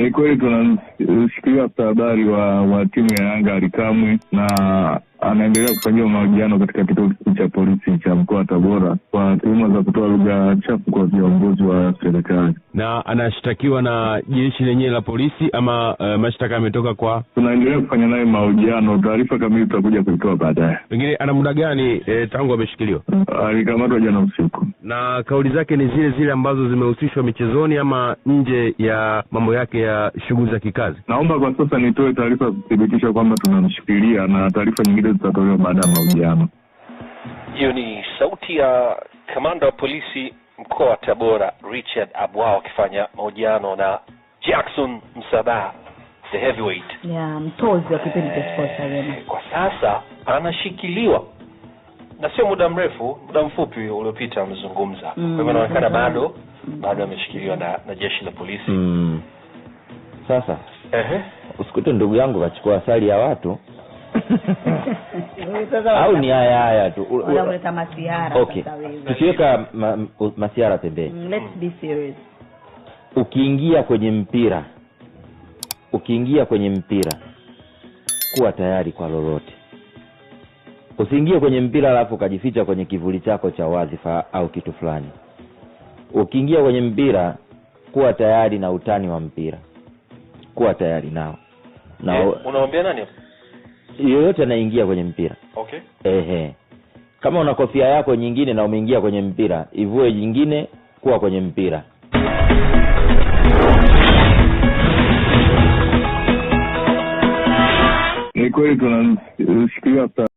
Ni kweli tunamsikia afisa habari wa, wa timu ya Yanga Alikamwe na anaendelea kufanyiwa mahojiano katika kituo kikuu cha polisi cha mkoa wa Tabora kwa tuhuma za kutoa lugha chafu kwa viongozi wa serikali, na anashtakiwa na jeshi lenyewe la polisi ama uh, mashtaka yametoka kwa, tunaendelea kufanya naye mahojiano. Taarifa kamili tutakuja kuitoa baadaye. Pengine ana muda gani e, tangu ameshikiliwa? Alikamatwa jana usiku. Na kauli zake ni zile zile ambazo zimehusishwa michezoni ama nje ya mambo yake ya shughuli za kikazi. Naomba kwa sasa nitoe taarifa kuthibitisha kwamba tunamshikilia na taarifa nyingine hiyo tutatolewa baada ya mahojiano. Hiyo ni sauti ya kamanda wa polisi mkoa wa Tabora Richard abwa akifanya mahojiano na Jackson Msabaha the heavyweight mtozi wa kipindi cha Sports Arena. Eh, kwa sasa anashikiliwa na sio muda mrefu, muda mfupi uliopita amezungumza mm, kwa hivyo mm, inaonekana mm. bado bado ameshikiliwa na, na jeshi la polisi mm. Sasa usikute ndugu yangu kachukua asali ya watu au ni haya haya tu unaleta masiara okay. tukiweka ma, masiara pembeni mm, let's be serious ukiingia kwenye mpira ukiingia kwenye mpira kuwa tayari kwa lolote usiingie kwenye mpira alafu ukajificha kwenye kivuli chako cha wadhifa au kitu fulani ukiingia kwenye mpira kuwa tayari na utani wa mpira kuwa tayari nao na, hey, eh, unaombea nani yoyote anaingia kwenye mpira okay. Ehe, kama una kofia yako nyingine na umeingia kwenye mpira, ivue nyingine kuwa kwenye mpira. Ni kweli tunamshikilia